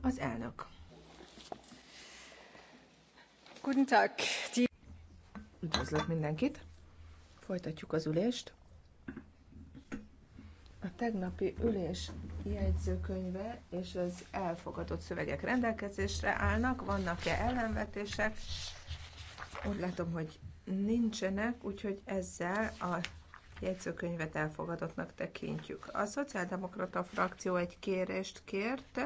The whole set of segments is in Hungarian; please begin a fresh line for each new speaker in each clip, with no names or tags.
Az elnök. Üdvözlök mindenkit. Folytatjuk az ülést. A tegnapi ülés jegyzőkönyve és az elfogadott szövegek rendelkezésre állnak. Vannak-e ellenvetések? Úgy látom, hogy nincsenek, úgyhogy ezzel a jegyzőkönyvet elfogadottnak tekintjük. A Szociáldemokrata frakció egy kérést kért,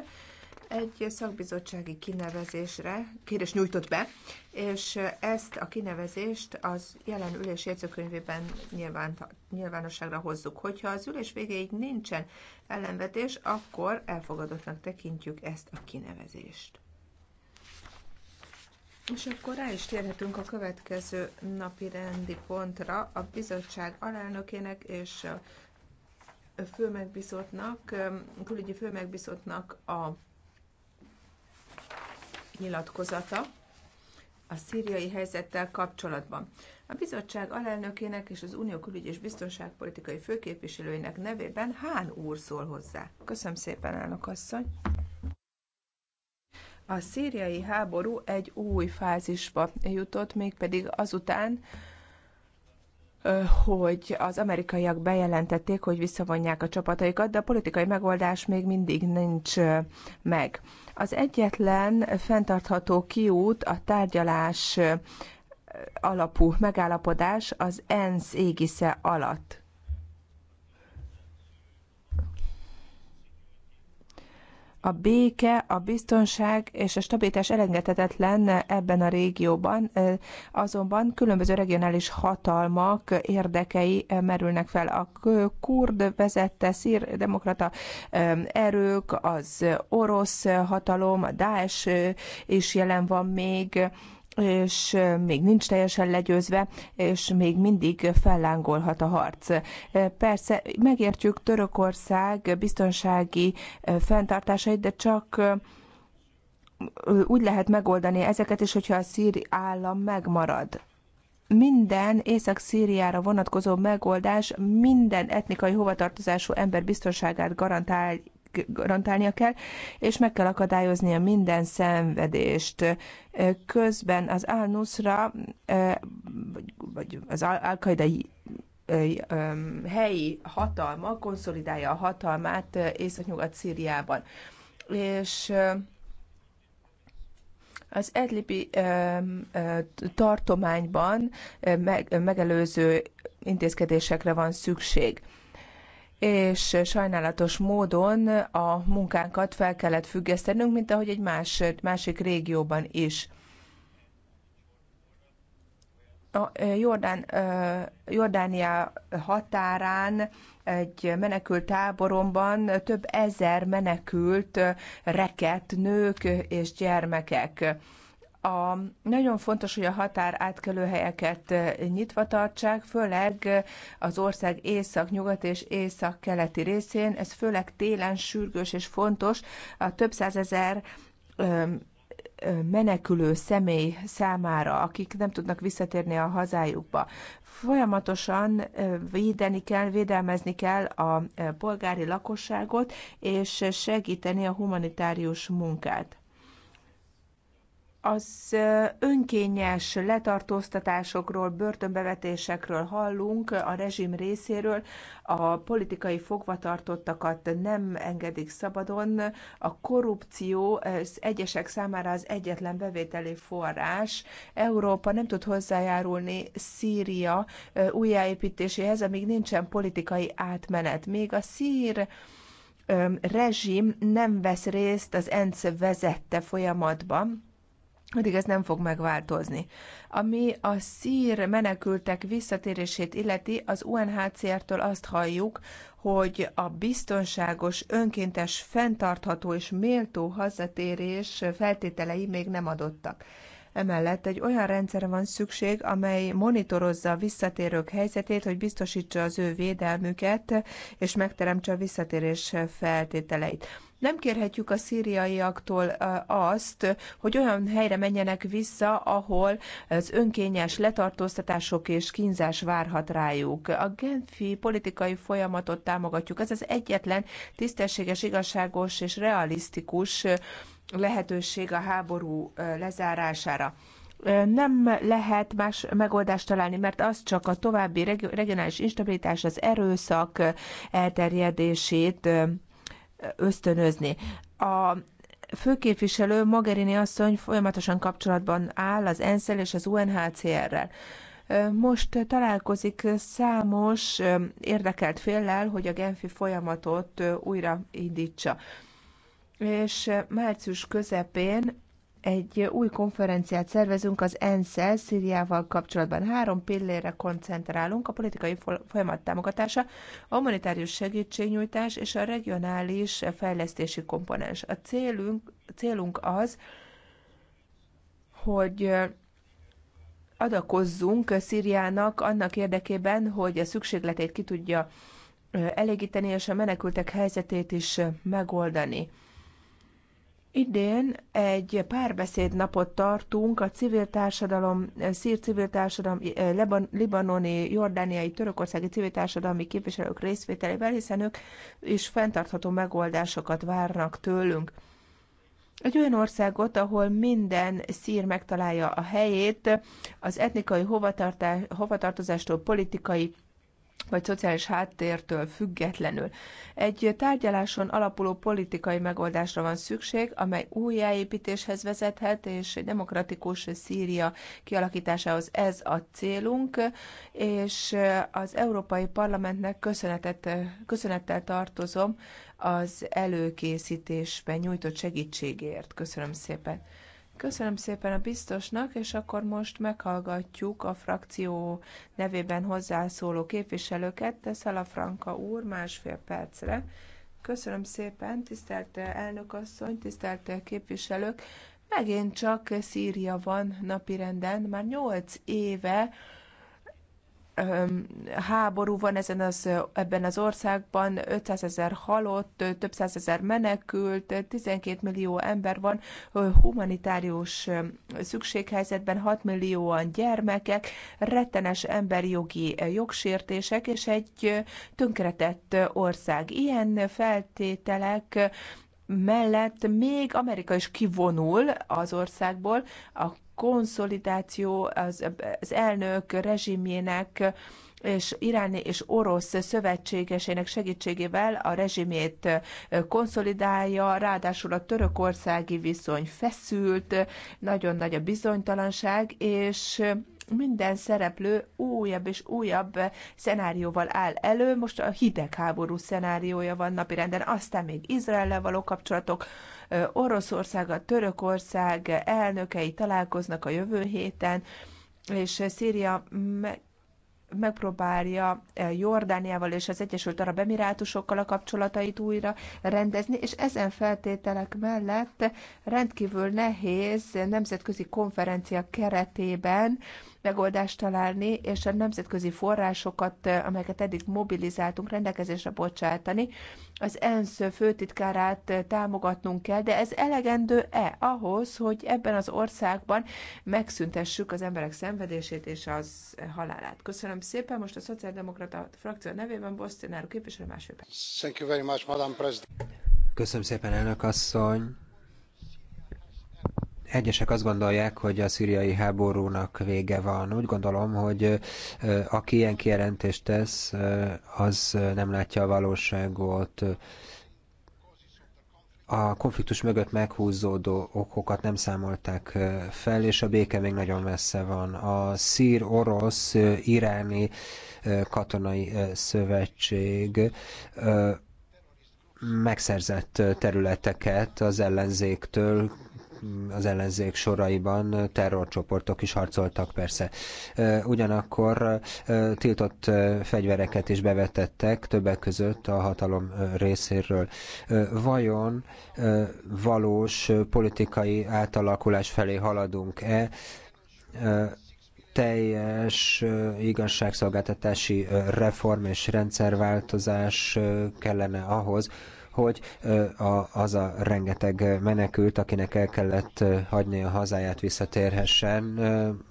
egy szakbizottsági kinevezésre kérés nyújtott be, és ezt a kinevezést az jelen ülés jegyzőkönyvében nyilván, nyilvánosságra hozzuk. Hogyha az ülés végéig nincsen ellenvetés, akkor elfogadottnak tekintjük ezt a kinevezést. És akkor rá is térhetünk a következő napi rendi pontra, a bizottság alelnökének és a főmegbízottnak, um, külügyi főmegbízottnak a nyilatkozata a szíriai helyzettel kapcsolatban. A bizottság alelnökének és az Unió külügy és biztonságpolitikai főképviselőinek nevében Hán úr szól hozzá. Köszönöm szépen, elnök asszony! A szíriai háború egy új fázisba jutott, mégpedig azután, hogy az amerikaiak bejelentették, hogy visszavonják a csapataikat, de a politikai megoldás még mindig nincs meg. Az egyetlen fenntartható kiút a tárgyalás alapú megállapodás az ENSZ égisze alatt A béke, a biztonság és a stabilitás elengedhetetlen ebben a régióban, azonban különböző regionális hatalmak érdekei merülnek fel. A kurd vezette szír demokrata erők, az orosz hatalom, a Daesh is jelen van még, és még nincs teljesen legyőzve, és még mindig fellángolhat a harc. Persze megértjük Törökország biztonsági fenntartásait, de csak úgy lehet megoldani ezeket is, hogyha a szíri állam megmarad minden Észak-Szíriára vonatkozó megoldás minden etnikai hovatartozású ember biztonságát garantál, garantálnia kell, és meg kell akadályoznia minden szenvedést. Közben az Al-Nusra, eh, vagy az Al-Qaeda eh, helyi hatalma konszolidálja a hatalmát eh, Észak-Nyugat-Szíriában. És az Edlibi tartományban megelőző intézkedésekre van szükség és sajnálatos módon a munkánkat fel kellett függesztenünk, mint ahogy egy más, másik régióban is. A Jordán, Jordánia határán egy menekült táboromban több ezer menekült rekett nők és gyermekek a, nagyon fontos, hogy a határ átkelőhelyeket eh, nyitva tartsák, főleg eh, az ország észak-nyugat és észak-keleti részén. Ez főleg télen sürgős és fontos. A több százezer eh, menekülő személy számára, akik nem tudnak visszatérni a hazájukba. Folyamatosan védeni kell, védelmezni kell a polgári lakosságot, és segíteni a humanitárius munkát az önkényes letartóztatásokról, börtönbevetésekről hallunk a rezsim részéről, a politikai fogvatartottakat nem engedik szabadon, a korrupció az egyesek számára az egyetlen bevételi forrás. Európa nem tud hozzájárulni Szíria újjáépítéséhez, amíg nincsen politikai átmenet. Még a szír rezsim nem vesz részt az ENSZ vezette folyamatban, addig ez nem fog megváltozni. Ami a szír menekültek visszatérését illeti, az UNHCR-től azt halljuk, hogy a biztonságos, önkéntes, fenntartható és méltó hazatérés feltételei még nem adottak. Emellett egy olyan rendszerre van szükség, amely monitorozza a visszatérők helyzetét, hogy biztosítsa az ő védelmüket, és megteremtse a visszatérés feltételeit. Nem kérhetjük a szíriaiaktól azt, hogy olyan helyre menjenek vissza, ahol az önkényes letartóztatások és kínzás várhat rájuk. A genfi politikai folyamatot támogatjuk. Ez az egyetlen tisztességes, igazságos és realisztikus lehetőség a háború lezárására. Nem lehet más megoldást találni, mert az csak a további regionális instabilitás, az erőszak elterjedését ösztönözni. A főképviselő Mogherini asszony folyamatosan kapcsolatban áll az ensz és az UNHCR-rel. Most találkozik számos érdekelt féllel, hogy a Genfi folyamatot újra indítsa és eh, március közepén egy új konferenciát szervezünk az ENSZ-el Szíriával kapcsolatban. Három pillérre koncentrálunk, a politikai folyamat támogatása, a humanitárius segítségnyújtás és a regionális fejlesztési komponens. A célunk, célunk az, hogy eh, adakozzunk Szíriának annak érdekében, hogy a szükségletét ki tudja eh, elégíteni, és a menekültek helyzetét is megoldani. Idén egy párbeszéd napot tartunk a civil társadalom, szír civil társadalom, eh, Leban, libanoni, jordániai, törökországi civil társadalmi képviselők részvételével, hiszen ők is fenntartható megoldásokat várnak tőlünk. Egy olyan országot, ahol minden szír megtalálja a helyét, az etnikai hovatartozástól politikai vagy szociális háttértől függetlenül. Egy tárgyaláson alapuló politikai megoldásra van szükség, amely újjáépítéshez vezethet, és egy demokratikus Szíria kialakításához ez a célunk, és az Európai Parlamentnek köszönetet, köszönettel tartozom az előkészítésben nyújtott segítségért. Köszönöm szépen. Köszönöm szépen a biztosnak, és akkor most meghallgatjuk a frakció nevében hozzászóló képviselőket. Teszel a Franka úr másfél percre. Köszönöm szépen, tisztelt elnökasszony, tisztelt képviselők. Megint csak Szíria van napirenden, már nyolc éve háború van ezen az, ebben az országban, 500 ezer halott, több százezer menekült, 12 millió ember van humanitárius szükséghelyzetben, 6 millióan gyermekek, rettenes emberi jogi jogsértések, és egy tönkretett ország. Ilyen feltételek mellett még Amerika is kivonul az országból, a konszolidáció az, az elnök rezsimjének és iráni és orosz szövetségesének segítségével a rezsimét konszolidálja, ráadásul a törökországi viszony feszült, nagyon nagy a bizonytalanság, és minden szereplő újabb és újabb szenárióval áll elő, most a hidegháború szenáriója van napirenden, aztán még Izraellel való kapcsolatok, Oroszország, a Törökország elnökei találkoznak a jövő héten, és Szíria meg megpróbálja Jordániával és az Egyesült Arab Emirátusokkal a kapcsolatait újra rendezni, és ezen feltételek mellett rendkívül nehéz nemzetközi konferencia keretében megoldást találni, és a nemzetközi forrásokat, eh, amelyeket eddig mobilizáltunk, rendelkezésre bocsátani. Az ENSZ főtitkárát eh, támogatnunk kell, de ez elegendő-e ahhoz, hogy ebben az országban megszüntessük az emberek szenvedését és az eh, halálát? Köszönöm szépen. Most a Szociáldemokrata frakció nevében Bosztináró képviselő másfél
Thank you very much, Madam President.
Köszönöm szépen, elnök asszony Egyesek azt gondolják, hogy a szíriai háborúnak vége van. Úgy gondolom, hogy aki ilyen kijelentést tesz, az nem látja a valóságot a konfliktus mögött meghúzódó okokat nem számolták fel, és a béke még nagyon messze van. A szír-orosz iráni katonai szövetség megszerzett területeket az ellenzéktől, az ellenzék soraiban terrorcsoportok is harcoltak persze. Ugyanakkor tiltott fegyvereket is bevetettek, többek között a hatalom részéről. Vajon valós politikai átalakulás felé haladunk-e? teljes igazságszolgáltatási reform és rendszerváltozás kellene ahhoz, hogy az a rengeteg menekült, akinek el kellett hagyni a hazáját, visszatérhessen,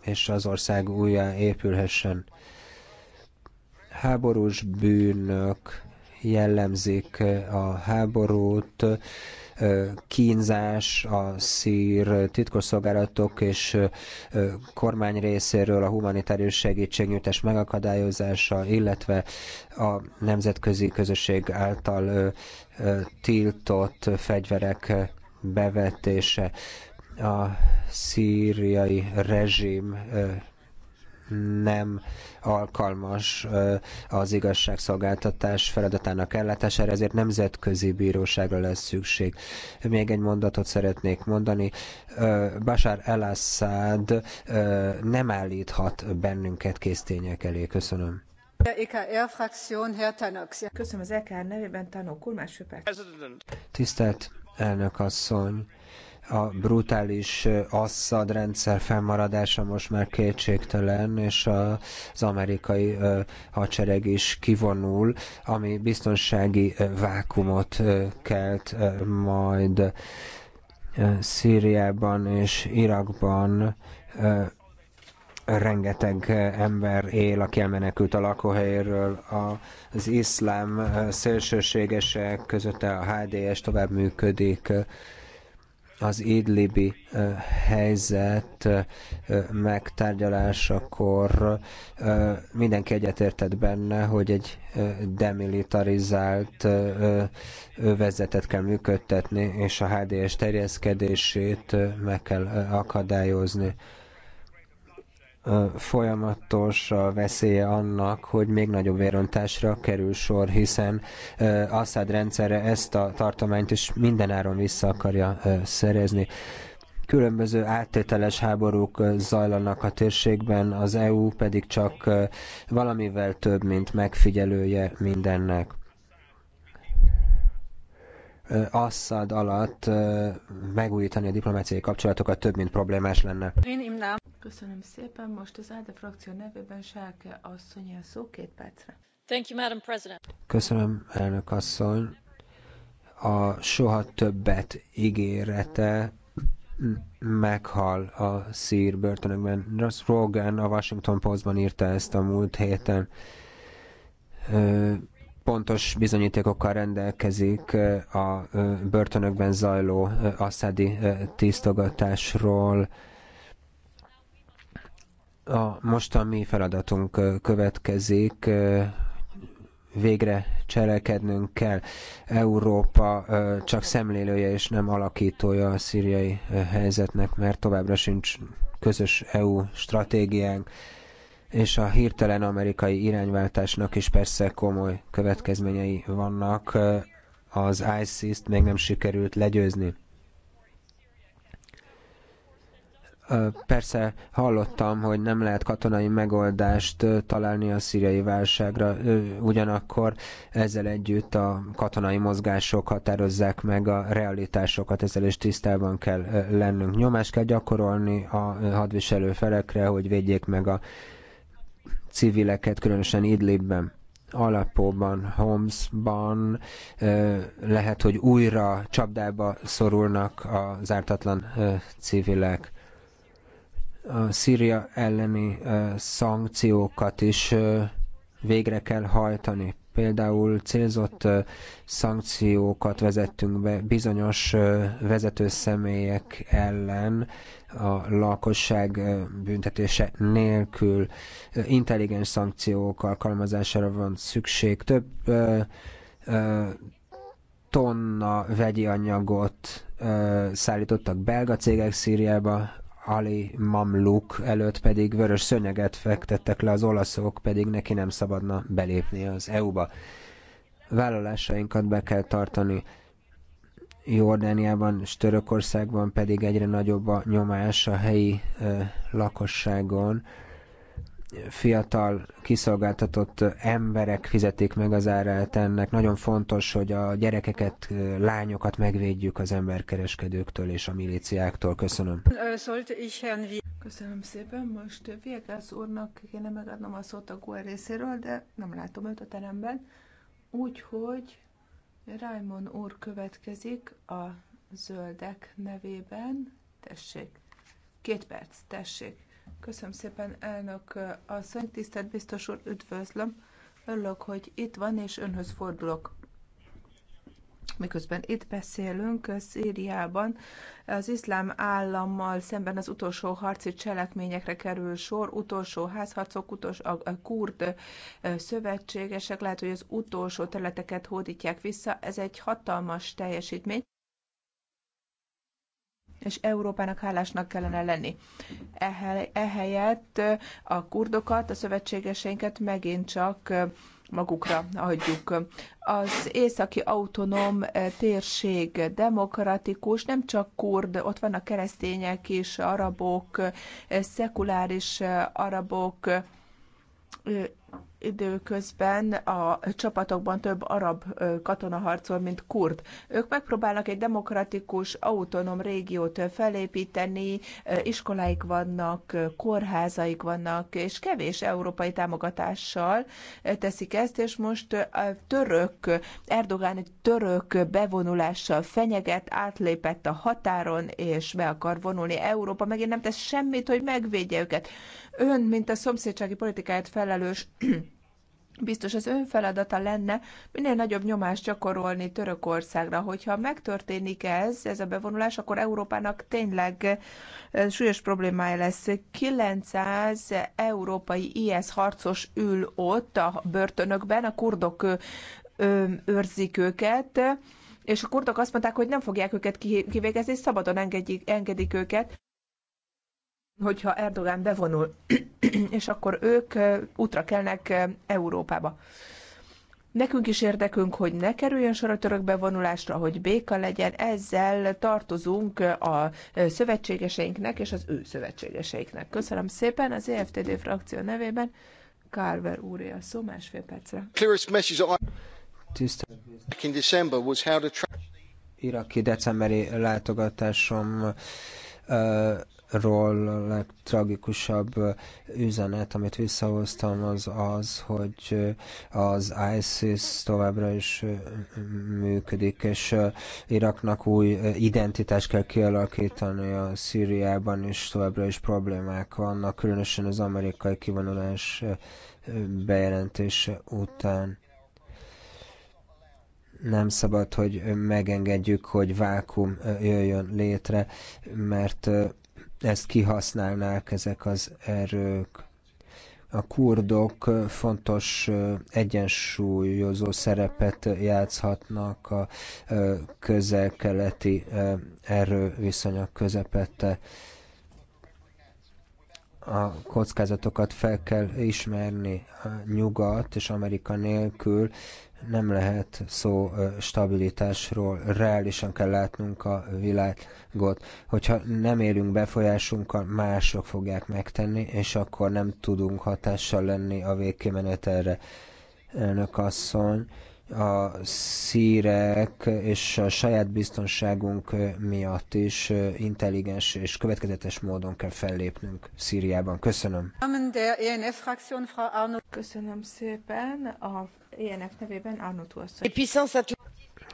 és az ország újra épülhessen. Háborús bűnök jellemzik a háborút, kínzás, a szír titkosszolgálatok és kormány részéről a humanitárius segítségnyújtás megakadályozása, illetve a nemzetközi közösség által tiltott fegyverek bevetése a szíriai rezsim nem alkalmas az igazságszolgáltatás feladatának ellátására, ezért nemzetközi bíróságra lesz szükség. Még egy mondatot szeretnék mondani. Bashar el-Assad nem állíthat bennünket késztények elé. Köszönöm.
E Köszönöm az EKR nevében, Tanó Kulmás
Tisztelt elnök asszony! A brutális eh, Assad rendszer fennmaradása most már kétségtelen, és az amerikai eh, hadsereg is kivonul, ami biztonsági eh, vákumot kelt majd Szíriában és Irakban rengeteg ember él, aki elmenekült a lakóhelyéről. Az iszlám szélsőségesek között a HDS tovább működik az idlibi helyzet megtárgyalásakor mindenki egyetértett benne, hogy egy demilitarizált övezetet kell működtetni, és a HDS terjeszkedését meg kell akadályozni folyamatos a veszélye annak, hogy még nagyobb vérontásra kerül sor, hiszen Assad rendszerre ezt a tartományt is mindenáron vissza akarja szerezni. Különböző áttételes háborúk zajlanak a térségben, az EU pedig csak valamivel több, mint megfigyelője mindennek. Assad alatt megújítani a diplomáciai kapcsolatokat több, mint problémás lenne.
Köszönöm szépen. Most az ALDE frakció nevében Sáke asszony a szó két percre.
Thank you, Madam President.
Köszönöm, elnök asszony. A soha többet ígérete meghal a szír börtönökben. Ross Rogan a Washington Postban írta ezt a múlt héten pontos bizonyítékokkal rendelkezik a börtönökben zajló asszádi tisztogatásról. A mostani feladatunk következik, végre cselekednünk kell. Európa csak szemlélője és nem alakítója a szíriai helyzetnek, mert továbbra sincs közös EU stratégiánk és a hirtelen amerikai irányváltásnak is persze komoly következményei vannak. Az ISIS-t még nem sikerült legyőzni. Persze hallottam, hogy nem lehet katonai megoldást találni a szíriai válságra, ugyanakkor ezzel együtt a katonai mozgások határozzák meg a realitásokat, ezzel is tisztában kell lennünk. Nyomást kell gyakorolni a hadviselő felekre, hogy védjék meg a civileket, különösen Idlibben. Alapóban, Homsban lehet, hogy újra csapdába szorulnak az ártatlan civilek. A Szíria elleni szankciókat is végre kell hajtani. Például célzott szankciókat vezettünk be bizonyos vezető személyek ellen, a lakosság büntetése nélkül. Intelligens szankciók alkalmazására van szükség. Több tonna vegyi anyagot szállítottak belga cégek Szíriába, Ali Mamluk előtt pedig vörös szönyeget fektettek le az olaszok, pedig neki nem szabadna belépni az EU-ba. Vállalásainkat be kell tartani Jordániában és Törökországban pedig egyre nagyobb a nyomás a helyi lakosságon. Fiatal, kiszolgáltatott emberek fizetik meg az árát ennek. Nagyon fontos, hogy a gyerekeket, lányokat megvédjük az emberkereskedőktől és a milíciáktól. Köszönöm.
Köszönöm
szépen. Most Viegász úrnak kéne megadnom a szót a GUE részéről, de nem látom őt a teremben. Úgyhogy Raimon úr következik a zöldek nevében. Tessék, két perc, tessék. Köszönöm szépen, elnök asszony, tisztelt biztos úr, üdvözlöm. Örülök, hogy itt van, és önhöz fordulok. Miközben itt beszélünk, Szíriában az iszlám állammal szemben az utolsó harci cselekményekre kerül sor, utolsó házharcok, utolsó, a kurd szövetségesek lehet, hogy az utolsó területeket hódítják vissza. Ez egy hatalmas teljesítmény és Európának hálásnak kellene lenni. Ehelyett a kurdokat, a szövetségeseinket megint csak magukra hagyjuk. Az északi autonóm eh, térség demokratikus, nem csak kurd, ott vannak keresztények is, arabok, eh, szekuláris eh, arabok, időközben a csapatokban több arab katona harcol, mint kurd. Ők megpróbálnak egy demokratikus, autonóm régiót felépíteni, iskoláik vannak, kórházaik vannak, és kevés európai támogatással teszik ezt, és most a török, Erdogán egy török bevonulással fenyeget, átlépett a határon, és be akar vonulni. Európa megint nem tesz semmit, hogy megvédje őket. Ön, mint a szomszédsági politikáját felelős Biztos az ön feladata lenne minél nagyobb nyomást gyakorolni Törökországra, hogyha megtörténik ez, ez a bevonulás, akkor Európának tényleg eh, súlyos problémája lesz. 900 európai IS harcos ül ott a börtönökben, a kurdok őrzik őket, és a kurdok azt mondták, hogy nem fogják őket kivégezni, szabadon engedik, engedik őket hogyha Erdogan bevonul, és akkor ők útra kelnek Európába. Nekünk is érdekünk, hogy ne kerüljön sor a török bevonulásra, hogy béka legyen, ezzel tartozunk a szövetségeseinknek és az ő szövetségeseiknek. Köszönöm szépen az EFTD frakció nevében. Carver úré a szó másfél percre.
iraki decemberi látogatásom ról a legtragikusabb üzenet, amit visszahoztam, az az, hogy az ISIS továbbra is működik, és Iraknak új identitást kell kialakítani a Szíriában, és továbbra is problémák vannak, különösen az amerikai kivonulás bejelentése után nem szabad, hogy megengedjük, hogy vákum jöjjön létre, mert ezt kihasználnák ezek az erők. A kurdok fontos egyensúlyozó szerepet játszhatnak a közel-keleti erőviszonyok közepette a kockázatokat fel kell ismerni a nyugat és Amerika nélkül nem lehet szó stabilitásról, reálisan kell látnunk a világot. Hogyha nem élünk befolyásunkkal, mások fogják megtenni, és akkor nem tudunk hatással lenni a végkimenetelre. Elnök asszony, a szírek és a saját biztonságunk miatt is intelligens és következetes módon kell fellépnünk Szíriában. Köszönöm.
Köszönöm szépen. A ENF nevében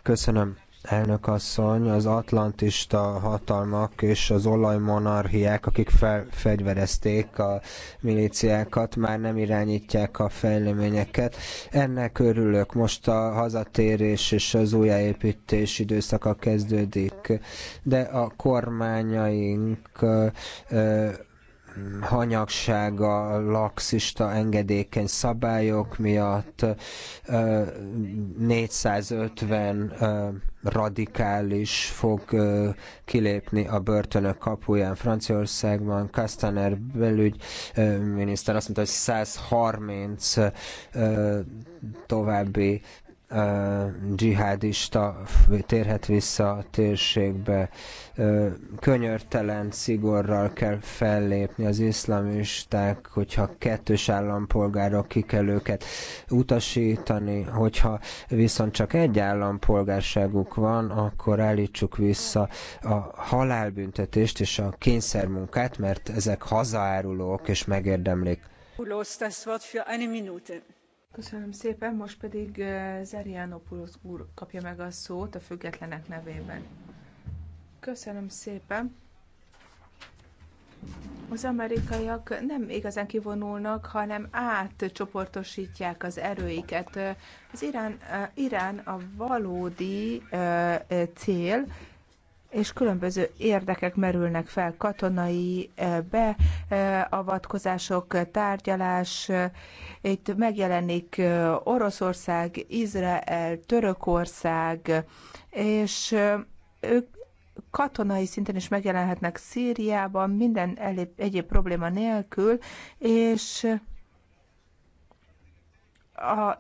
Köszönöm. Elnök asszony, az atlantista hatalmak és az olajmonarchiák, akik felfegyverezték a milíciákat, már nem irányítják a fejleményeket. Ennek örülök. Most a hazatérés és az újjáépítés időszaka kezdődik, de a kormányaink hanyagsága, laxista, engedékeny szabályok miatt 450 radikális fog kilépni a börtönök kapuján Franciaországban. Kastaner belügyminiszter azt mondta, hogy 130 további dzsihádista térhet vissza a térségbe. Könyörtelen szigorral kell fellépni az iszlamisták, hogyha kettős állampolgárok ki kell őket utasítani, hogyha viszont csak egy állampolgárságuk van, akkor állítsuk vissza a halálbüntetést és a kényszermunkát, mert ezek hazaárulók és megérdemlik.
das Wort für eine Minute. Köszönöm szépen, most
pedig eh, Zerianopoulos úr kapja meg a szót a függetlenek nevében. Köszönöm szépen. Az amerikaiak nem igazán kivonulnak, hanem átcsoportosítják az erőiket. Eh, az Irán, eh, Irán a valódi cél, és különböző érdekek merülnek fel, katonai eh, beavatkozások, tárgyalás, itt megjelenik eh, Oroszország, Izrael, Törökország, és eh, ők katonai szinten is megjelenhetnek Szíriában, minden egyéb probléma nélkül, és a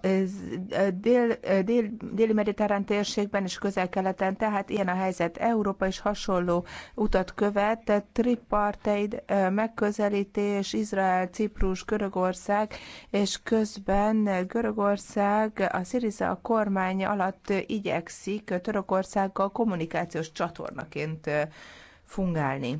dél, dél, déli mediterrán térségben és közel-keleten, tehát ilyen a helyzet. Európa is hasonló utat követ, triparteid megközelítés, Izrael, Ciprus, Görögország, és közben Görögország a Sziriza a kormány alatt igyekszik Törökországgal kommunikációs csatornaként fungálni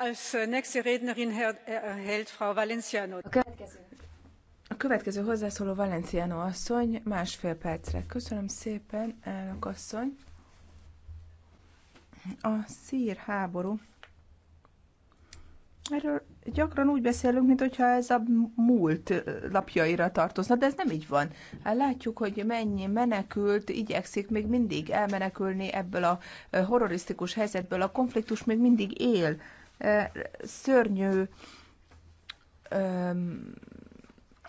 Äh, äh,
a következő, hozzászóló Valenciano asszony, másfél percre. Köszönöm szépen, elnök asszony. A szír háború. Erről gyakran úgy beszélünk, mintha ez a múlt lapjaira tartozna, de ez nem így van. Hát látjuk, hogy mennyi menekült igyekszik még mindig elmenekülni ebből a eh, horrorisztikus helyzetből. A konfliktus még mindig él szörnyű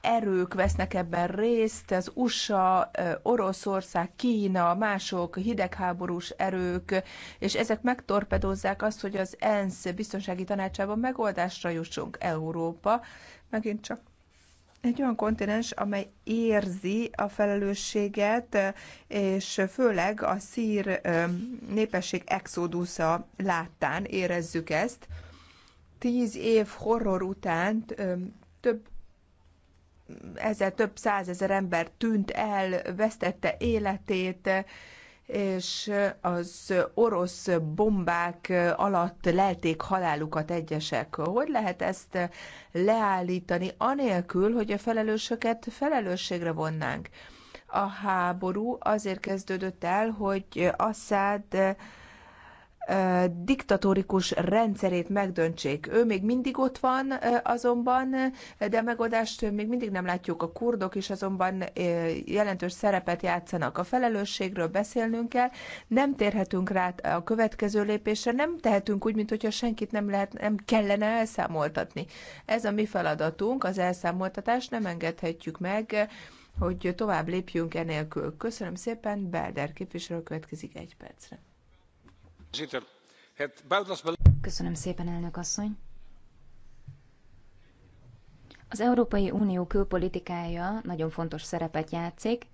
erők vesznek ebben részt, az USA, Oroszország, Kína, mások, hidegháborús erők, és ezek megtorpedozzák azt, hogy az ENSZ biztonsági tanácsában megoldásra jussunk Európa. Megint csak egy olyan kontinens, amely érzi a felelősséget, és főleg a szír népesség exódusza láttán érezzük ezt. Tíz év horror után több ezer, több százezer ember tűnt el, vesztette életét, és az orosz bombák alatt lelték halálukat egyesek. Hogy lehet ezt leállítani, anélkül, hogy a felelősöket felelősségre vonnánk? A háború azért kezdődött el, hogy Assad diktatórikus rendszerét megdöntsék. Ő még mindig ott van azonban, de a megoldást még mindig nem látjuk. A kurdok is azonban jelentős szerepet játszanak. A felelősségről beszélnünk kell, nem térhetünk rá a következő lépésre, nem tehetünk úgy, mintha senkit nem, lehet, nem kellene elszámoltatni. Ez a mi feladatunk, az elszámoltatás, nem engedhetjük meg, hogy tovább lépjünk enélkül. Köszönöm szépen,
Belder képviselő következik egy percre. Köszönöm szépen, elnök asszony. Az Európai Unió külpolitikája nagyon fontos szerepet játszik.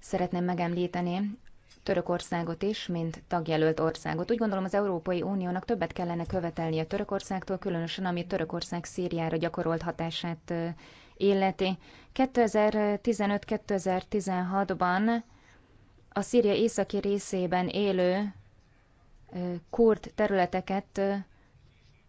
Szeretném megemlíteni Törökországot is, mint tagjelölt országot. Úgy gondolom az Európai Uniónak többet kellene követelnie Törökországtól, különösen ami Törökország Szíriára gyakorolt hatását illeti. 2015-2016-ban a Szíria északi részében élő kurd területeket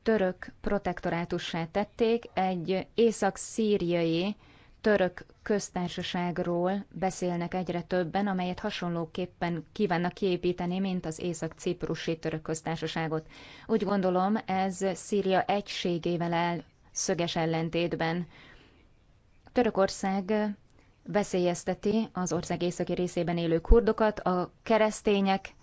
török protektorátussá tették, egy észak-szíriai török köztársaságról beszélnek egyre többen, amelyet hasonlóképpen kívánnak kiépíteni, mint az észak-ciprusi török köztársaságot. Úgy gondolom, ez Szíria egységével áll szöges ellentétben. Törökország veszélyezteti az ország északi részében élő kurdokat, a keresztények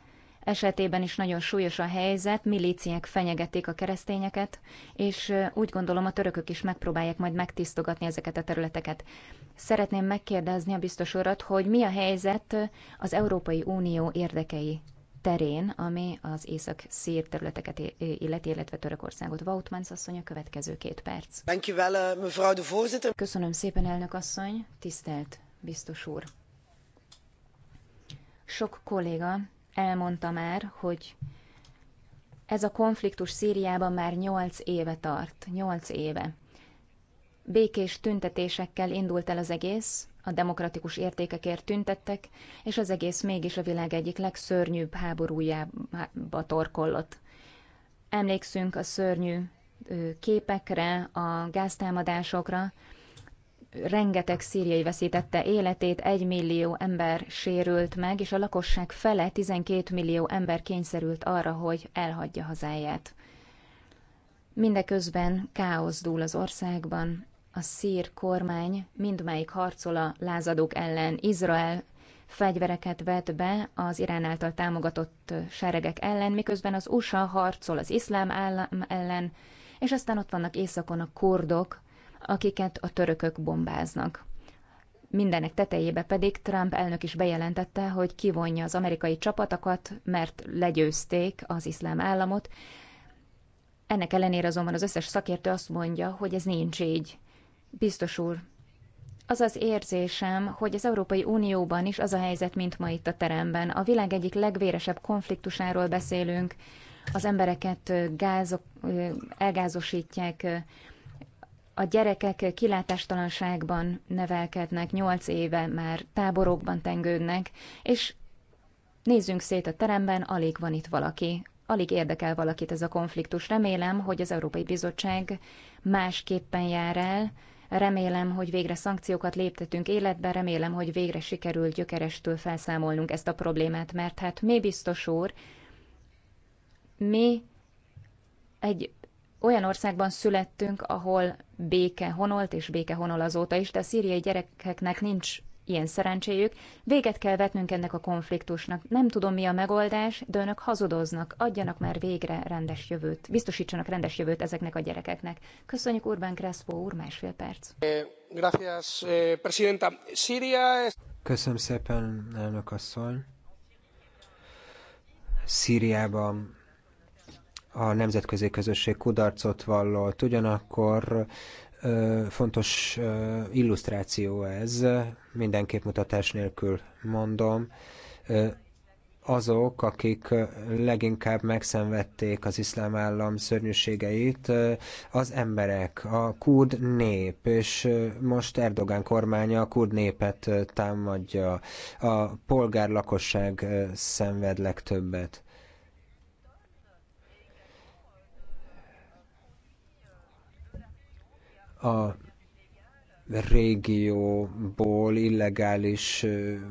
esetében is nagyon súlyos a helyzet, milíciák fenyegetik a keresztényeket, és úgy gondolom a törökök is megpróbálják majd megtisztogatni ezeket a területeket. Szeretném megkérdezni a biztos urat, hogy mi a helyzet az Európai Unió érdekei terén, ami az észak-szír területeket illeti, illetve Törökországot. Vautmans asszony a következő két perc. Köszönöm szépen, elnök asszony, tisztelt biztos úr. Sok kolléga elmondta már, hogy ez a konfliktus Szíriában már nyolc éve tart, nyolc éve. Békés tüntetésekkel indult el az egész, a demokratikus értékekért tüntettek, és az egész mégis a világ egyik legszörnyűbb háborújába torkollott. Emlékszünk a szörnyű képekre, a gáztámadásokra, rengeteg szíriai veszítette életét, egy millió ember sérült meg, és a lakosság fele, 12 millió ember kényszerült arra, hogy elhagyja hazáját. Mindeközben káosz dúl az országban, a szír kormány mindmelyik harcol a lázadók ellen. Izrael fegyvereket vet be az Irán által támogatott seregek ellen, miközben az USA harcol az iszlám állam ellen, és aztán ott vannak északon a kurdok, akiket a törökök bombáznak. Mindenek tetejébe pedig Trump elnök is bejelentette, hogy kivonja az amerikai csapatokat, mert legyőzték az iszlám államot. Ennek ellenére azonban az összes szakértő azt mondja, hogy ez nincs így. Biztos úr, az az érzésem, hogy az Európai Unióban is az a helyzet, mint ma itt a teremben. A világ egyik legvéresebb konfliktusáról beszélünk, az embereket gázok, elgázosítják, a gyerekek kilátástalanságban nevelkednek, nyolc éve már táborokban tengődnek, és nézzünk szét a teremben, alig van itt valaki, alig érdekel valakit ez a konfliktus. Remélem, hogy az Európai Bizottság másképpen jár el, remélem, hogy végre szankciókat léptetünk életbe, remélem, hogy végre sikerül gyökerestől felszámolnunk ezt a problémát, mert hát mi biztos úr, mi egy olyan országban születtünk, ahol béke honolt, és béke honol azóta is, de a szíriai gyerekeknek nincs ilyen szerencséjük. Véget kell vetnünk ennek a konfliktusnak. Nem tudom, mi a megoldás, de önök hazudoznak. Adjanak már végre rendes jövőt. Biztosítsanak rendes jövőt ezeknek a gyerekeknek. Köszönjük Urbán Crespo úr, másfél perc.
Eh, eh,
Köszönöm szépen, elnök asszony. Szíriában a nemzetközi közösség kudarcot vallott. Ugyanakkor fontos illusztráció ez, mindenképp mutatás nélkül mondom. Azok, akik leginkább megszenvedték az iszlám állam szörnyűségeit, az emberek, a kurd nép, és most Erdogán kormánya a kurd népet támadja, a polgár lakosság szenved legtöbbet a régióból illegális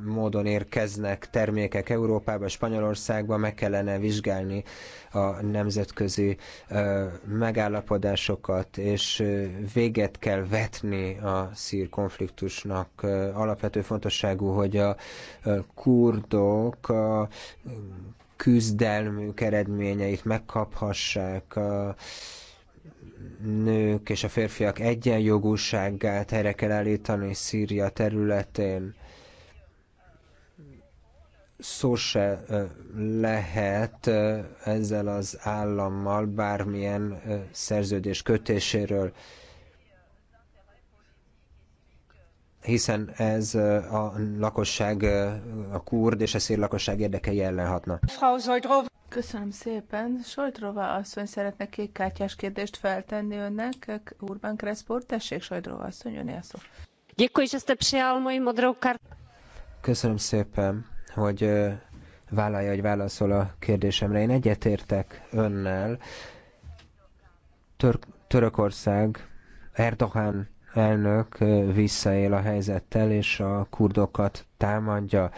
módon érkeznek termékek Európába, Spanyolországba, meg kellene vizsgálni a nemzetközi megállapodásokat, és véget kell vetni a szír konfliktusnak. Alapvető fontosságú, hogy a kurdok a küzdelmük eredményeit megkaphassák, a nők és a férfiak egyenjogúságát helyre kell állítani Szíria területén. Szó se lehet ezzel az állammal bármilyen szerződés kötéséről. hiszen ez a lakosság, a kurd és a szír lakosság érdekei ellen hatna.
Köszönöm szépen. Soltrova asszony szeretne kékkártyás kérdést feltenni önnek. Urban Kreszport, tessék Soltrova asszony, ön a
szó. Köszönöm szépen, hogy vállalja, hogy válaszol a kérdésemre. Én egyetértek önnel. Tör- Törökország Erdogan elnök visszaél a helyzettel, és a kurdokat támadja,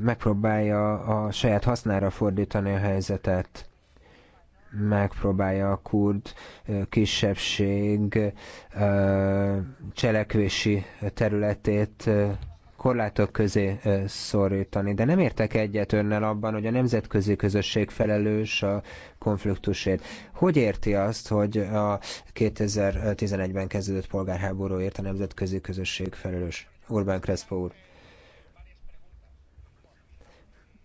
megpróbálja a saját hasznára fordítani a helyzetet megpróbálja a kurd kisebbség cselekvési területét korlátok közé szorítani. De nem értek egyet önnel abban, hogy a nemzetközi közösség felelős a konfliktusért. Hogy érti azt, hogy a 2011-ben kezdődött polgárháborúért a nemzetközi közösség felelős? Orbán Crespo úr.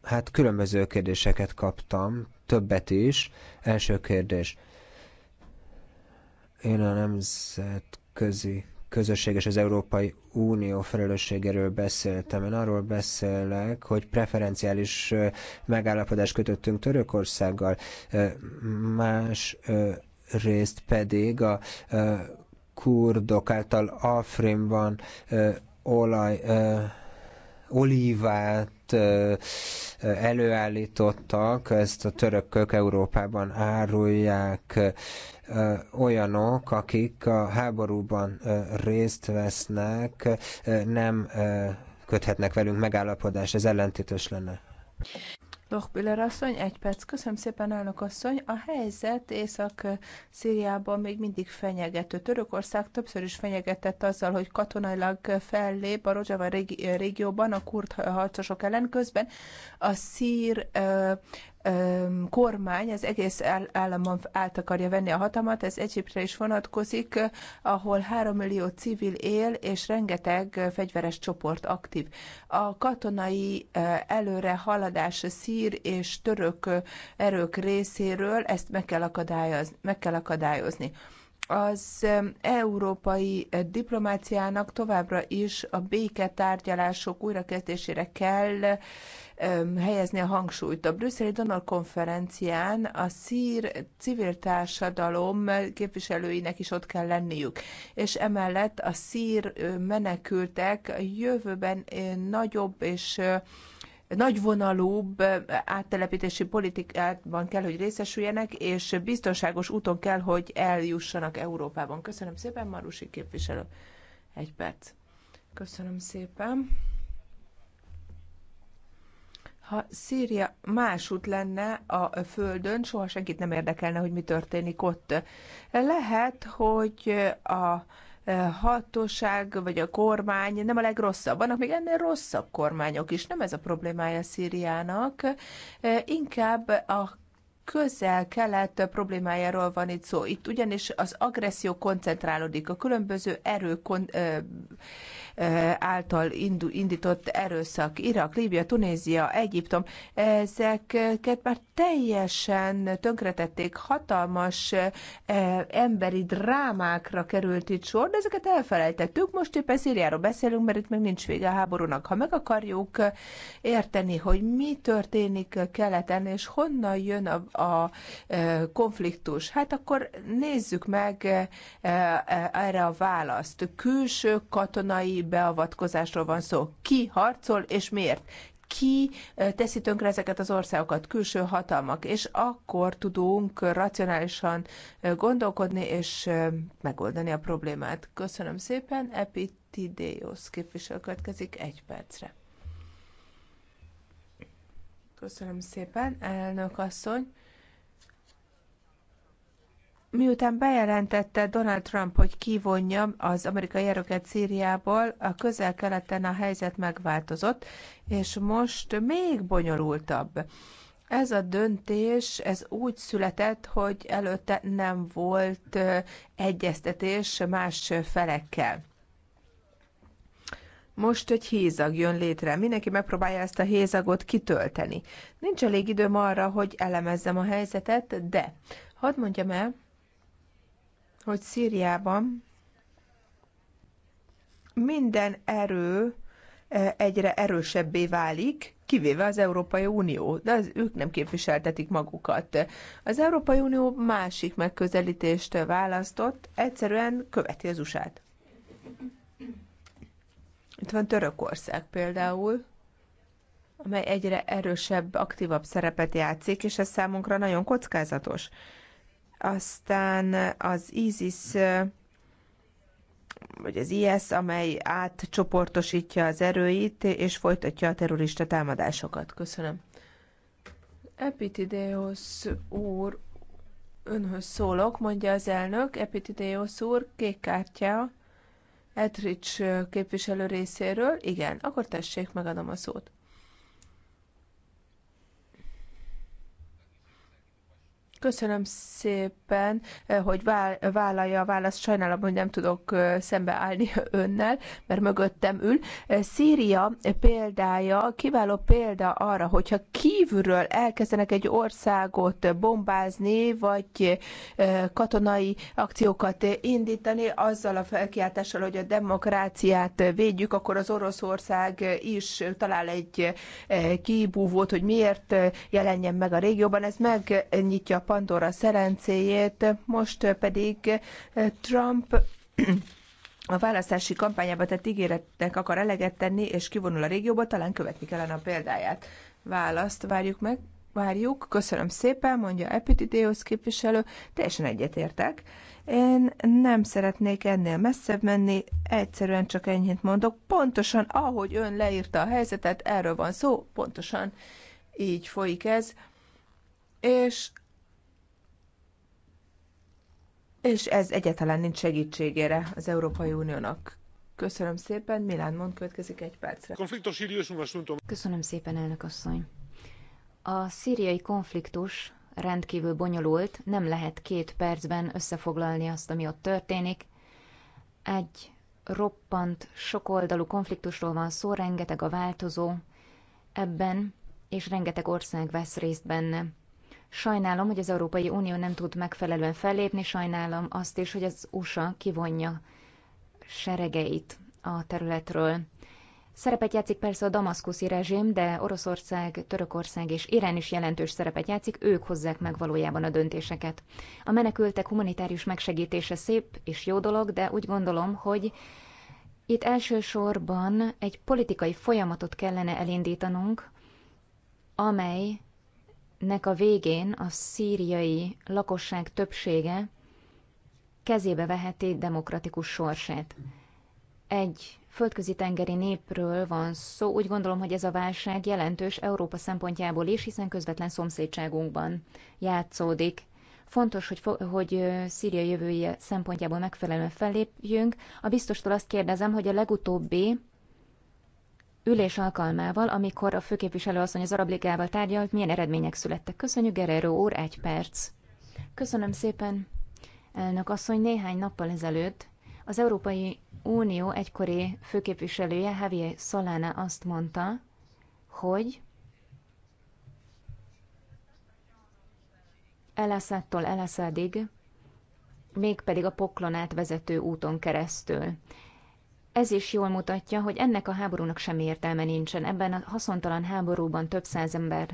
Hát különböző kérdéseket kaptam, többet is. Első kérdés. Én a nemzetközi közösség és az Európai Unió felelősségéről beszéltem. Én arról beszélek, hogy preferenciális megállapodást kötöttünk Törökországgal, más részt pedig a kurdok által Afrinban olaj, olívát előállítottak, ezt a törökök Európában árulják olyanok, akik a háborúban részt vesznek, nem köthetnek velünk megállapodást, ez ellentétes lenne.
Lochbiller asszony, egy perc. Köszönöm szépen, elnök asszony. A helyzet Észak-Szíriában még mindig fenyegető. Törökország többször is fenyegetett azzal, hogy katonailag fellép a Rojava régióban a kurd harcosok ellen. Közben a szír kormány az egész államon át akarja venni a hatalmat, ez Egyiptre is vonatkozik, ahol 3 millió civil él, és rengeteg fegyveres csoport aktív. A katonai előre haladás szír és török erők részéről ezt meg kell Meg kell akadályozni az európai diplomáciának továbbra is a béketárgyalások újrakezdésére kell helyezni a hangsúlyt. A brüsszeli Donald konferencián a szír civil társadalom képviselőinek is ott kell lenniük, és emellett a szír menekültek jövőben nagyobb és nagyvonalúbb áttelepítési politikában kell, hogy részesüljenek, és biztonságos úton kell, hogy eljussanak Európában. Köszönöm szépen, Marusi képviselő. Egy perc. Köszönöm szépen. Ha Szíria másút lenne a földön, soha senkit nem érdekelne, hogy mi történik ott. Lehet, hogy a e, hatóság vagy a kormány nem a legrosszabb. Vannak még ennél rosszabb kormányok is. Nem ez a problémája Szíriának. E, inkább a közel-kelet problémájáról van itt szó. Itt ugyanis az agresszió koncentrálódik, a különböző erők kon- e, által indított erőszak, Irak, Líbia, Tunézia, Egyiptom, ezeket már teljesen tönkretették, hatalmas e, emberi drámákra került itt sor, de ezeket elfelejtettük. Most éppen Szíriáról beszélünk, mert itt még nincs vége a háborúnak. Ha meg akarjuk érteni, hogy mi történik keleten, és honnan jön a, a e, konfliktus, hát akkor nézzük meg e, erre a választ. Külső katonai beavatkozásról van szó. Ki harcol és miért? ki teszi tönkre ezeket az országokat, külső hatalmak, és akkor tudunk racionálisan gondolkodni és megoldani a problémát. Köszönöm szépen, Epitidéos képviselő következik egy percre. Köszönöm szépen, elnök asszony. Miután bejelentette Donald Trump, hogy kivonja az amerikai erőket Szíriából, a közel-keleten a helyzet megváltozott, és most még bonyolultabb. Ez a döntés, ez úgy született, hogy előtte nem volt egyeztetés más felekkel. Most egy hézag jön létre. Mindenki megpróbálja ezt a hézagot kitölteni. Nincs elég időm arra, hogy elemezzem a helyzetet, de hadd mondjam el, hogy Szíriában minden erő eh, egyre erősebbé válik, kivéve az Európai Unió, de az, ők nem képviseltetik magukat. Az Európai Unió másik megközelítést választott, egyszerűen követi az usa -t. Itt van Törökország például, amely egyre erősebb, aktívabb szerepet játszik, és ez számunkra nagyon kockázatos aztán az ISIS vagy az IS, amely átcsoportosítja az erőit, és folytatja a terrorista támadásokat. Köszönöm. Epitideos úr, önhöz szólok, mondja az elnök. Epitideos úr, kék kártya, Etrich képviselő részéről. Igen, akkor tessék, megadom a szót. Köszönöm szépen, eh, hogy vállalja a választ. Sajnálom, hogy nem tudok eh, szembeállni önnel, mert mögöttem ül. Eh, Szíria példája kiváló példa arra, hogyha kívülről elkezdenek egy országot bombázni, vagy katonai akciókat indítani, azzal a felkiáltással, hogy a demokráciát védjük, akkor az Oroszország is talál egy kibúvót, hogy miért jelenjen meg a régióban. Ez megnyitja Pandora szerencéjét, most pedig eh, Trump a választási kampányába tett ígéretnek akar eleget tenni, és kivonul a régióba, talán követni kellene a példáját. Választ várjuk meg, várjuk, köszönöm szépen, mondja Epitideos képviselő, teljesen egyetértek. Én nem szeretnék ennél messzebb menni, egyszerűen csak ennyit mondok. Pontosan ahogy ön leírta a helyzetet, erről van szó, pontosan így folyik ez. És és ez egyáltalán nincs segítségére az Európai Uniónak.
Köszönöm szépen, Milán mond, következik egy percre. Köszönöm szépen, elnök asszony. A szíriai konfliktus rendkívül bonyolult, nem lehet két percben összefoglalni azt, ami ott történik. Egy roppant, sokoldalú konfliktusról van szó, rengeteg a változó ebben, és rengeteg ország vesz részt benne. Sajnálom, hogy az Európai Unió nem tud megfelelően fellépni, sajnálom azt is, hogy az USA kivonja seregeit a területről. Szerepet játszik persze a damaszkuszi rezsim, de Oroszország, Törökország és Irán is jelentős szerepet játszik, ők hozzák meg valójában a döntéseket. A menekültek humanitárius megsegítése szép és jó dolog, de úgy gondolom, hogy itt elsősorban egy politikai folyamatot kellene elindítanunk, amely nek a végén a szíriai lakosság többsége kezébe veheti demokratikus sorsát. Egy földközi tengeri népről van szó, úgy gondolom, hogy ez a válság jelentős Európa szempontjából is, hiszen közvetlen szomszédságunkban játszódik. Fontos, hogy, hogy Szíria jövője szempontjából megfelelően fellépjünk. A biztostól azt kérdezem, hogy a legutóbbi ülés alkalmával, amikor a főképviselő asszony az Arab Ligával tárgyalt, milyen eredmények születtek. Köszönjük, Gerero úr, egy perc. Köszönöm szépen, elnök asszony, néhány nappal ezelőtt az Európai Unió egykori főképviselője, Javier Solana azt mondta, hogy Elaszától Elászádig, mégpedig a poklonát vezető úton keresztül. Ez is jól mutatja, hogy ennek a háborúnak semmi értelme nincsen. Ebben a haszontalan háborúban több, száz ember,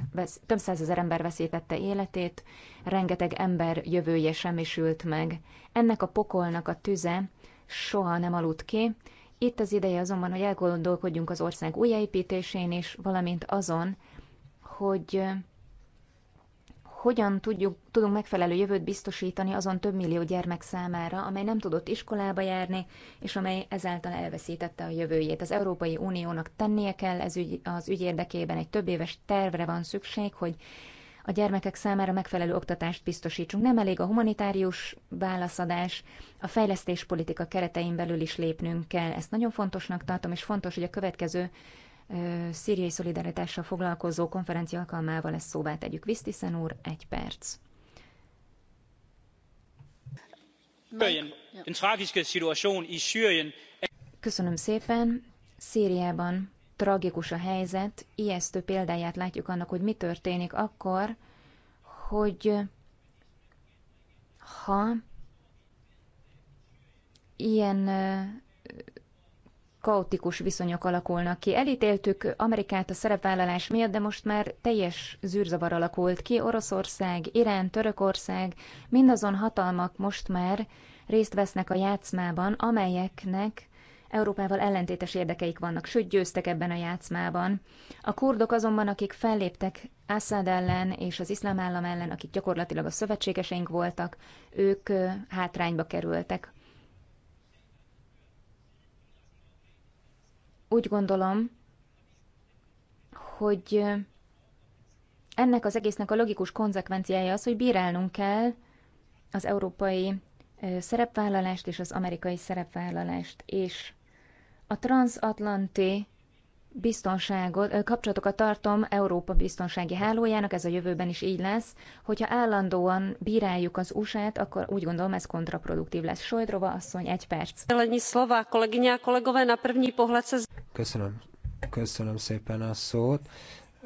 több százezer ember veszítette életét, rengeteg ember jövője semmisült meg. Ennek a pokolnak a tüze soha nem aludt ki. Itt az ideje azonban, hogy elgondolkodjunk az ország újjáépítésén is, valamint azon, hogy hogyan tudjuk, tudunk megfelelő jövőt biztosítani azon több millió gyermek számára, amely nem tudott iskolába járni, és amely ezáltal elveszítette a jövőjét. Az Európai Uniónak tennie kell ez ügy, az ügy érdekében egy több éves tervre van szükség, hogy a gyermekek számára megfelelő oktatást biztosítsunk. Nem elég a humanitárius válaszadás, a fejlesztéspolitika keretein belül is lépnünk kell. Ezt nagyon fontosnak tartom, és fontos, hogy a következő szíriai szolidaritással foglalkozó konferencia alkalmával ezt szóvá tegyük. Visztiszen úr, egy perc. Köszönöm szépen. Szíriában tragikus a helyzet, ijesztő példáját látjuk annak, hogy mi történik akkor, hogy ha ilyen kaotikus viszonyok alakulnak ki. Elítéltük Amerikát a szerepvállalás miatt, de most már teljes zűrzavar alakult ki. Oroszország, Irán, Törökország, mindazon hatalmak most már részt vesznek a játszmában, amelyeknek Európával ellentétes érdekeik vannak, sőt győztek ebben a játszmában. A kurdok azonban, akik felléptek Assad ellen és az iszlám állam ellen, akik gyakorlatilag a szövetségeseink voltak, ők hátrányba kerültek. Úgy gondolom, hogy ennek az egésznek a logikus konzekvenciája az, hogy bírálnunk kell az európai szerepvállalást és az amerikai szerepvállalást, és a transatlanti biztonságot, kapcsolatokat tartom Európa biztonsági hálójának, ez a jövőben is így lesz. Hogyha állandóan bíráljuk az USA-t, akkor úgy gondolom ez kontraproduktív lesz. Sojdrova asszony, egy perc.
Köszönöm. Köszönöm szépen a szót.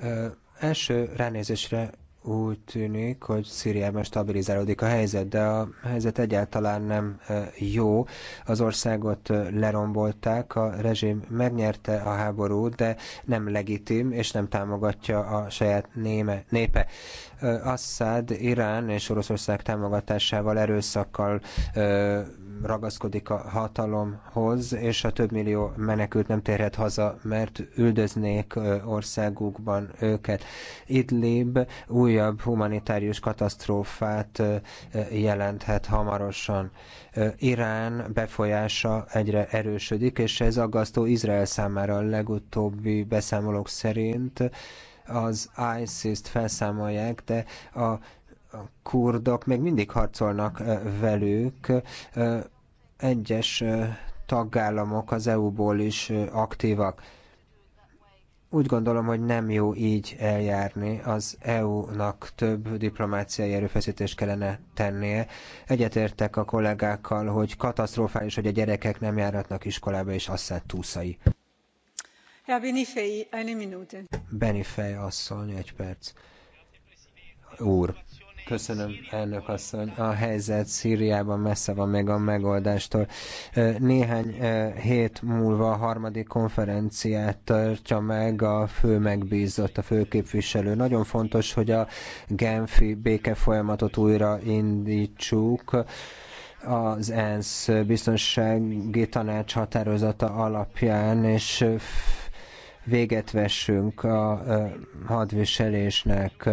Ö, első ránézésre úgy tűnik, hogy Szíriában stabilizálódik a helyzet, de a helyzet egyáltalán nem jó. Az országot lerombolták, a rezsim megnyerte a háborút, de nem legitim és nem támogatja a saját néme, népe. Assad Irán és Oroszország támogatásával, erőszakkal ragaszkodik a hatalomhoz, és a több millió menekült nem térhet haza, mert üldöznék országukban őket. Idlib újabb humanitárius katasztrófát jelenthet hamarosan. Irán befolyása egyre erősödik, és ez aggasztó Izrael számára a legutóbbi beszámolók szerint az ISIS-t felszámolják, de a a kurdok még mindig harcolnak velük. Egyes tagállamok az EU-ból is aktívak. Úgy gondolom, hogy nem jó így eljárni. Az EU-nak több diplomáciai erőfeszítést kellene tennie. Egyetértek a kollégákkal, hogy katasztrofális, hogy a gyerekek nem járatnak iskolába, és aztán túszai.
Ja, Benifei, eine Minute.
Benifei asszony, egy perc. Úr Köszönöm, elnök asszony. A helyzet Szíriában messze van még a megoldástól. Néhány hét múlva a harmadik konferenciát tartja meg a fő megbízott, a főképviselő. Nagyon fontos, hogy a Genfi béke folyamatot újra indítsuk az ENSZ biztonsági tanács határozata alapján, és véget vessünk a hadviselésnek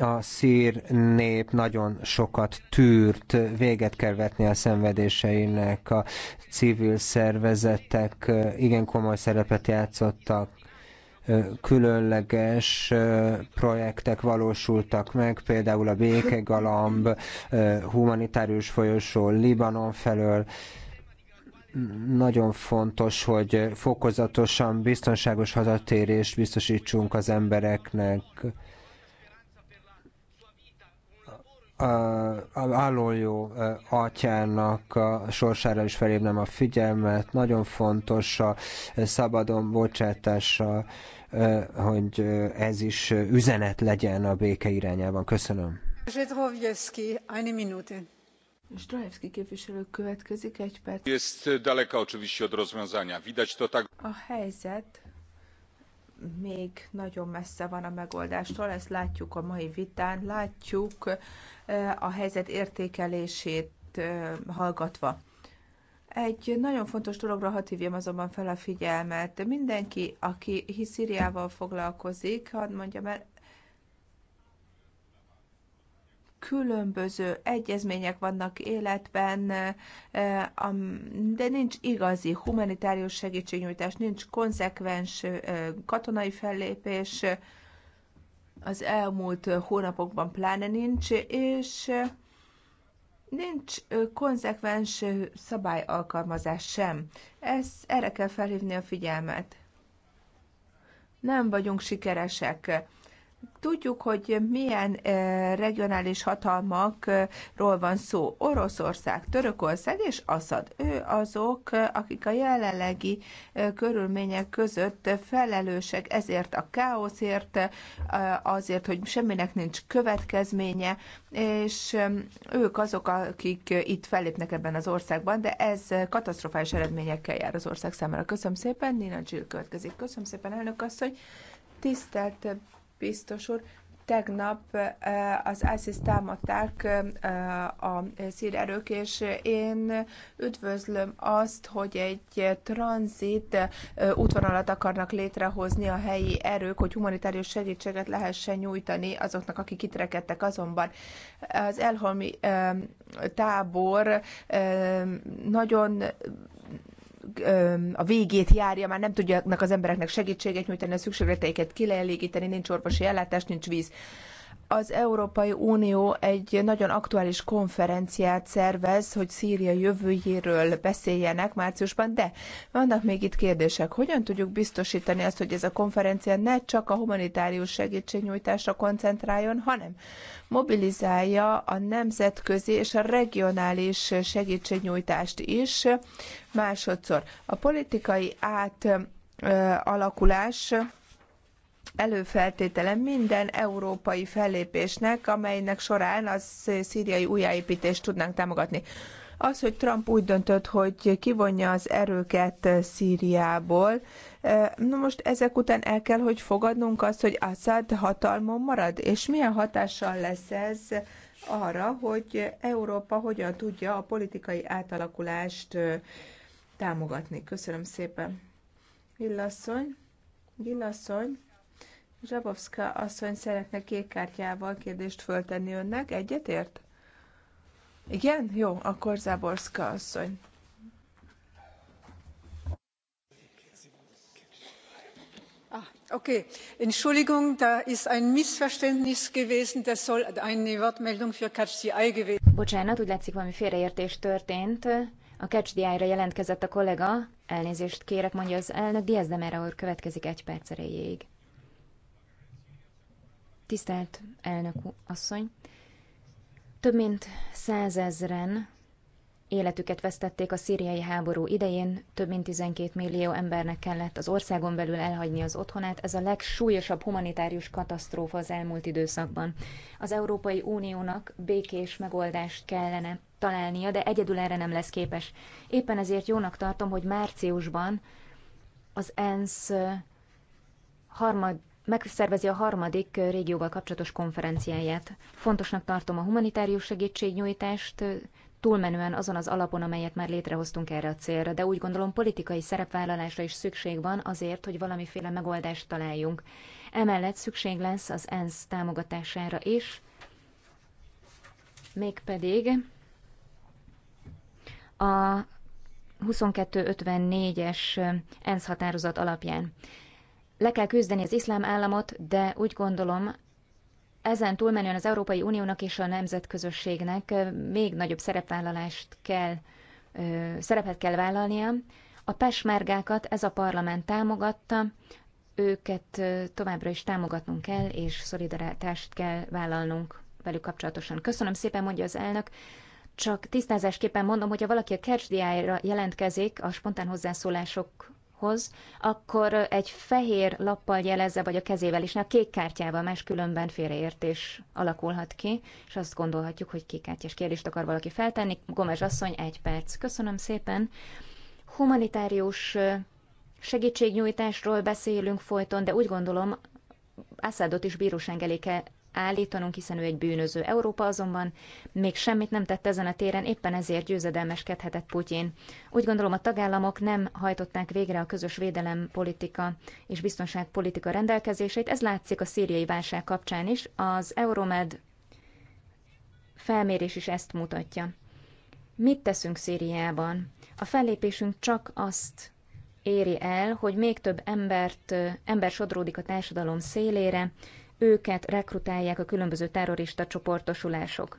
a szír nép nagyon sokat tűrt, véget kell vetni a szenvedéseinek, a civil szervezetek igen komoly szerepet játszottak, különleges projektek valósultak meg, például a Békegalamb, humanitárius folyosó Libanon felől, nagyon fontos, hogy fokozatosan biztonságos hazatérést biztosítsunk az embereknek. állójó atyának a sorsára is felhívnám a figyelmet. Nagyon fontos a szabadon bocsátása, hogy ez is üzenet legyen a béke irányában. Köszönöm.
Zsedrovjevski, egy minute. Zdrojewski képviselő következik egy
perc. daleka
A helyzet még nagyon messze van a megoldástól, ezt látjuk a mai vitán, látjuk eh, a helyzet értékelését eh, hallgatva. Egy nagyon fontos dologra hadd hívjam azonban fel a figyelmet. Mindenki, aki Szíriával foglalkozik, hadd mondjam el, különböző egyezmények vannak életben, de nincs igazi humanitárius segítségnyújtás, nincs konzekvens katonai fellépés, az elmúlt hónapokban pláne nincs, és nincs konzekvens szabályalkalmazás sem. Ez, erre kell felhívni a figyelmet. Nem vagyunk sikeresek Tudjuk, hogy milyen eh, regionális hatalmakról van szó. Oroszország, Törökország és Assad. Ő azok, akik a jelenlegi eh, körülmények között felelősek ezért a káoszért, eh, azért, hogy semminek nincs következménye, és ők azok, akik itt fellépnek ebben az országban, de ez katasztrofális eredményekkel jár az ország számára. Köszönöm szépen, Nina Jill következik. Köszönöm szépen, elnök asszony. Tisztelt biztos úr. Tegnap az ISIS támadták a szír erők, és én üdvözlöm azt, hogy egy tranzit útvonalat akarnak létrehozni a helyi erők, hogy humanitárius segítséget lehessen nyújtani azoknak, akik kitrekedtek azonban. Az elholmi tábor nagyon a végét járja, már nem tudják az embereknek segítséget nyújtani, a szükségleteiket kielégíteni, nincs orvosi ellátás, nincs víz az Európai Unió egy nagyon aktuális konferenciát szervez, hogy Szíria jövőjéről beszéljenek márciusban, de vannak még itt kérdések. Hogyan tudjuk biztosítani azt, hogy ez a konferencia ne csak a humanitárius segítségnyújtásra koncentráljon, hanem mobilizálja a nemzetközi és a regionális segítségnyújtást is. Másodszor a politikai átalakulás előfeltétele minden európai fellépésnek, amelynek során a szíriai újjáépítést tudnánk támogatni. Az, hogy Trump úgy döntött, hogy kivonja az erőket Szíriából, e, na most ezek után el kell, hogy fogadnunk azt, hogy Assad hatalmon marad, és milyen hatással lesz ez arra, hogy Európa hogyan tudja a politikai átalakulást e, támogatni. Köszönöm szépen. Gillasszony, Gillasszony, Zsabovszka asszony szeretne kék kártyával kérdést föltenni önnek. Egyetért? Igen? Jó, akkor Zaborszka asszony.
Ah, okay. Entschuldigung,
da ist ein Missverständnis gewesen. Das soll eine Wortmeldung für Catch the Eye gewesen. Bocsánat, úgy látszik valami félreértés történt. A Catch the Eye-ra jelentkezett a kollega. Elnézést kérek, mondja az elnök. Diaz de Mera úr következik egy perc erejéig. Tisztelt elnök asszony! Több mint százezren életüket vesztették a szíriai háború idején, több mint 12 millió embernek kellett az országon belül elhagyni az otthonát, ez a legsúlyosabb humanitárius katasztrófa az elmúlt időszakban. Az Európai Uniónak békés megoldást kellene találnia, de egyedül erre nem lesz képes. Éppen ezért jónak tartom, hogy márciusban az ENSZ harmad megszervezi a harmadik régióval kapcsolatos konferenciáját. Fontosnak tartom a humanitárius segítségnyújtást, túlmenően azon az alapon, amelyet már létrehoztunk erre a célra, de úgy gondolom politikai szerepvállalásra is szükség van azért, hogy valamiféle megoldást találjunk. Emellett szükség lesz az ENSZ támogatására is, mégpedig a 2254-es ENSZ határozat alapján. Le kell küzdeni az iszlám államot, de úgy gondolom, ezen túlmenően az Európai Uniónak és a nemzetközösségnek még nagyobb szerepvállalást kell, szerepet kell vállalnia. A pesmergákat ez a parlament támogatta, őket továbbra is támogatnunk kell, és szolidaritást kell vállalnunk velük kapcsolatosan. Köszönöm szépen, mondja az elnök. Csak tisztázásképpen mondom, hogyha valaki a KCDI-ra jelentkezik a spontán hozzászólások hoz, akkor egy fehér lappal jelezze, vagy a kezével is, ne a kék kártyával, más különben félreértés alakulhat ki, és azt gondolhatjuk, hogy kék kártyás kérdést akar valaki feltenni. Gomez asszony, egy perc. Köszönöm szépen. Humanitárius segítségnyújtásról beszélünk folyton, de úgy gondolom, Assadot is bíróság elé kell állítanunk, hiszen ő egy bűnöző. Európa azonban még semmit nem tett ezen a téren, éppen ezért győzedelmeskedhetett Putyin. Úgy gondolom, a tagállamok nem hajtották végre a közös védelempolitika és biztonságpolitika rendelkezéseit. Ez látszik a szíriai válság kapcsán is. Az Euromed felmérés is ezt mutatja. Mit teszünk Szíriában? A fellépésünk csak azt éri el, hogy még több embert, ember sodródik a társadalom szélére, őket rekrutálják a különböző terrorista csoportosulások.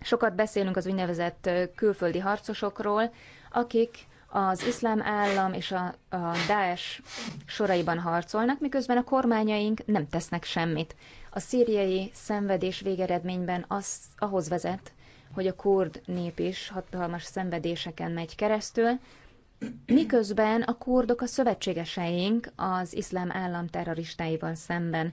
Sokat beszélünk az úgynevezett külföldi harcosokról, akik az iszlám állam és a, a Daesh soraiban harcolnak, miközben a kormányaink nem tesznek semmit. A szíriai szenvedés végeredményben az, ahhoz vezet, hogy a kurd nép is hatalmas szenvedéseken megy keresztül, miközben a kurdok a szövetségeseink az iszlám állam terroristáival szemben.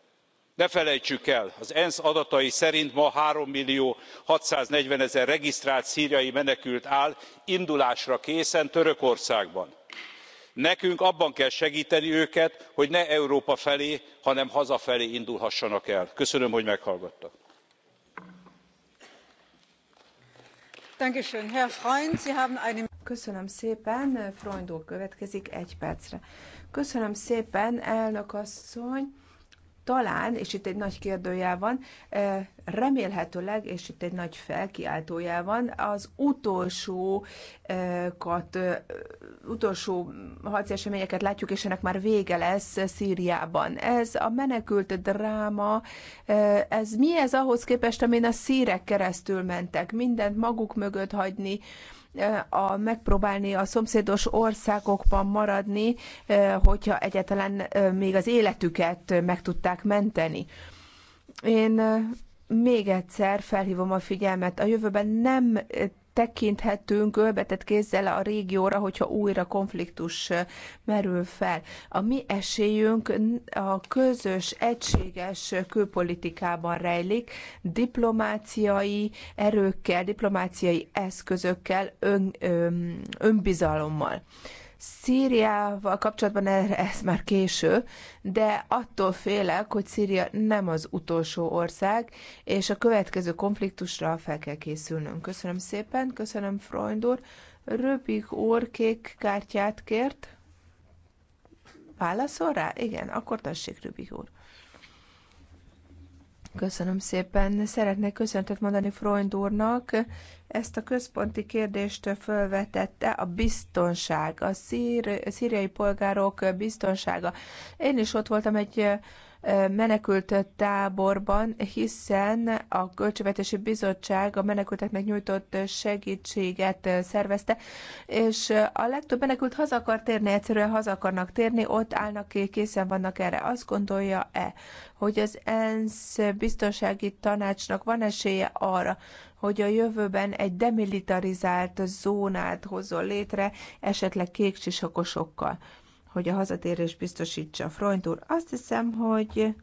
ne felejtsük el az ensz adatai szerint ma millió forty hatszáznegyvenezer regisztrált szriai menekült áll indulásra készen törökországban. nekünk abban kell segteni őket hogy ne európa felé hanem hazafelé indulhassanak el. köszönöm hogy meghallgattak.
Köszönöm szépen, következik egy percre.
Köszönöm szépen, talán, és itt egy nagy kérdőjel van, remélhetőleg, és itt egy nagy felkiáltójel van, az utolsó kat, utolsó harci eseményeket látjuk, és ennek már vége lesz Szíriában. Ez a menekült dráma, ez mi ez ahhoz képest, amin a szírek keresztül mentek? Mindent maguk mögött hagyni, a, megpróbálni a szomszédos országokban maradni, hogyha egyáltalán még az életüket meg tudták menteni. Én még egyszer felhívom a figyelmet, a jövőben nem tekinthetünk ölbetett kézzel a régióra, hogyha újra konfliktus merül fel. A mi esélyünk a közös, egységes külpolitikában rejlik, diplomáciai erőkkel, diplomáciai eszközökkel, ön, ön, önbizalommal. Szíriával kapcsolatban erre ez már késő, de attól félek, hogy Szíria nem az utolsó ország, és a következő konfliktusra fel kell készülnünk. Köszönöm szépen, köszönöm Freund úr. Röbik úr kék kártyát kért. Válaszol rá? Igen, akkor tessék, Röpik úr. Köszönöm szépen. Szeretnék köszöntet mondani Freund úrnak, ezt a központi kérdést fölvetette a biztonság, a szír, szíriai polgárok biztonsága. Én is ott voltam egy menekült táborban, hiszen a Költségvetési Bizottság a menekülteknek nyújtott segítséget szervezte, és a legtöbb menekült haza akar térni, egyszerűen haza akarnak térni, ott állnak, készen vannak erre. Azt gondolja-e, hogy az ENSZ biztonsági tanácsnak van esélye arra, hogy a jövőben egy demilitarizált zónát hozzon létre, esetleg kék csisakosokkal hogy a hazatérés biztosítsa. Freund úr, azt hiszem, hogy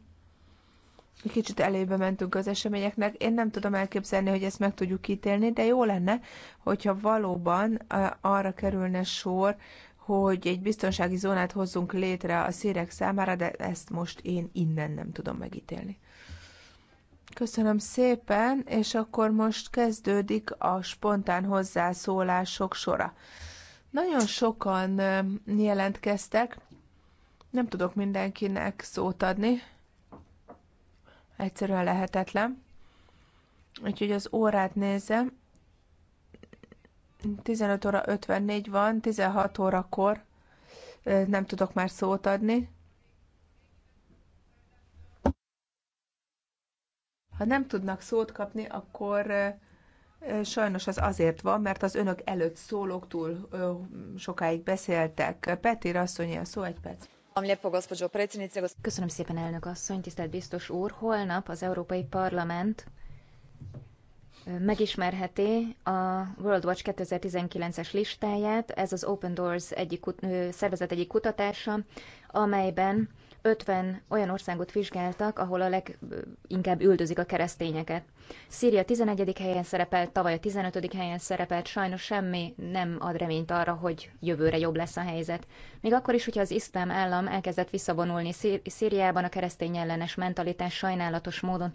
egy kicsit elébe mentünk az eseményeknek. Én nem tudom elképzelni, hogy ezt meg tudjuk ítélni, de jó lenne, hogyha valóban arra kerülne sor, hogy egy biztonsági zónát hozzunk létre a szírek számára, de ezt most én innen nem tudom megítélni. Köszönöm szépen, és akkor most kezdődik a spontán hozzászólások sora. Nagyon sokan jelentkeztek, nem tudok mindenkinek szót adni, egyszerűen lehetetlen. Úgyhogy az órát nézem, 15 óra 54 van, 16 órakor nem tudok már szót adni. Ha nem tudnak szót kapni, akkor Sajnos az azért van, mert az önök előtt szólók túl ö, sokáig beszéltek. Petir asszony, a szó egy
perc. Köszönöm szépen, elnök asszony, tisztelt biztos úr. Holnap az Európai Parlament megismerheti a World Watch 2019-es listáját. Ez az Open Doors egyik, szervezet egyik kutatása, amelyben 50 olyan országot vizsgáltak, ahol a leginkább üldözik a keresztényeket. Szíria 11. helyen szerepelt, tavaly a 15. helyen szerepelt, sajnos semmi nem ad reményt arra, hogy jövőre jobb lesz a helyzet. Még akkor is, hogyha az iszlám állam elkezdett visszavonulni Szíriában, a keresztény ellenes mentalitás sajnálatos módon